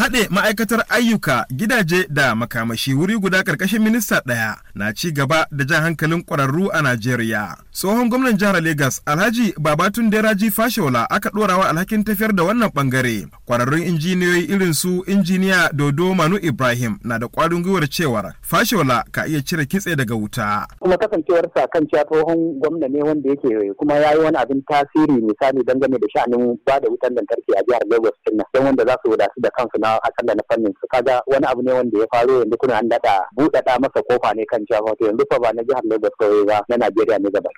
haɗe ma'aikatar ayyuka gidaje da makamashi wuri guda ƙarƙashin minista ɗaya na ci gaba da jan hankalin ƙwararru a Najeriya. tsohon gwamnan jihar Legas Alhaji Babatun Deraji Fashola aka dorawa alhakin tafiyar da wannan bangare. Kwararrun injiniyoyi irin su injiniya Dodo Manu Ibrahim na da ƙwarin gwiwar cewa Fashola ka iya cire kitse daga wuta. Kuma kasancewar sa kan cewa tsohon gwamna ne wanda yake kuma ya yi wani abin tasiri misali dangane da sha'anin ba da wutan lantarki a jihar Legas din nan don wanda za su wadatu da kansu na da na fannin su kaga wani abu ne wanda ya faru yanzu kuna an daɗa buɗaɗa masa kofa ne kan cewa yanzu fa ba na jihar Legas kawai ba na Najeriya ne gaba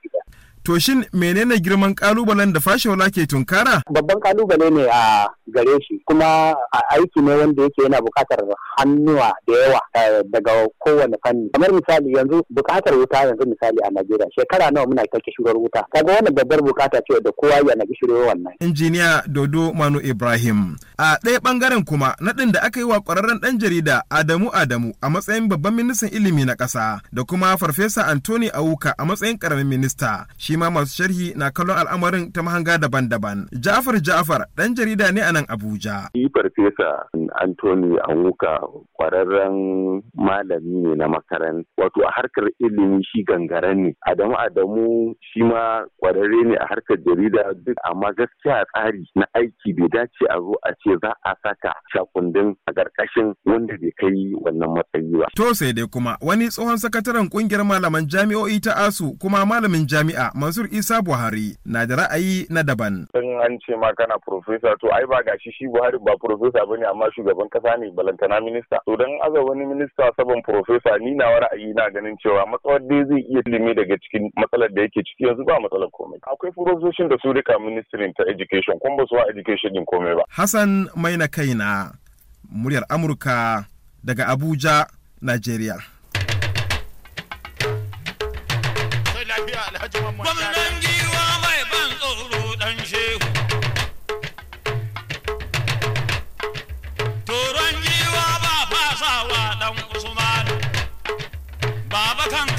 To shin menene girman kalubalen da fashewala ke tunkara? Babban kalubale ne a gare shi kuma a aiki ne wanda yake yana bukatar hannuwa da yawa eh, daga kowane fanni. Kamar misali yanzu bukatar wuta yanzu misali a Najeriya shekara nawa muna kake shigar wuta. Kaga wannan babbar bukata ce da kowa ya na yawan wannan. Injiniya Dodo Manu Ibrahim. A ɗaya bangaren kuma naɗin da aka yi wa ƙwararren ɗan jarida Adamu Adamu a matsayin babban ministan ilimi na ƙasa da kuma Farfesa Anthony Awuka a matsayin ƙaramin minista. shi ma masu sharhi na kallon al'amarin ta mahanga daban-daban ja'far ja'far ɗan jarida ne a nan abuja shi farfesa antoni anwuka kwararren malami ne na makaranta wato a harkar ilimi shi gangare ne adamu adamu shi ma kwararre ne a harkar jarida duk amma gaskiya tsari na aiki bai dace a zo a ce za a saka shakundin a ƙarƙashin wanda bai kai wannan matsayi ba to sai dai kuma wani tsohon sakataren ƙungiyar malaman jami'o'i ta asu kuma malamin jami'a Mansur Isa Buhari na da ra'ayi na daban. In an ce ma kana profesa to ai ba gashi shi Buhari ba profesa bane amma shugaban kasa ne balantana minista. To dan aza wani minista saban profesa ni na ra'ayi na ganin cewa matsawar dai zai iya ilimi daga cikin matsalar da yake ciki yanzu ba matsalar komai. Akwai profesoshin da su rika ministrin ta education kuma ba su wa education din komai ba. Hassan Maina Kaina muryar Amurka daga Abuja, Najeriya. lafiya alhaji mamman giwa mai ban tsoro dan shehu toron giwa ba fasawa dan usman baba kan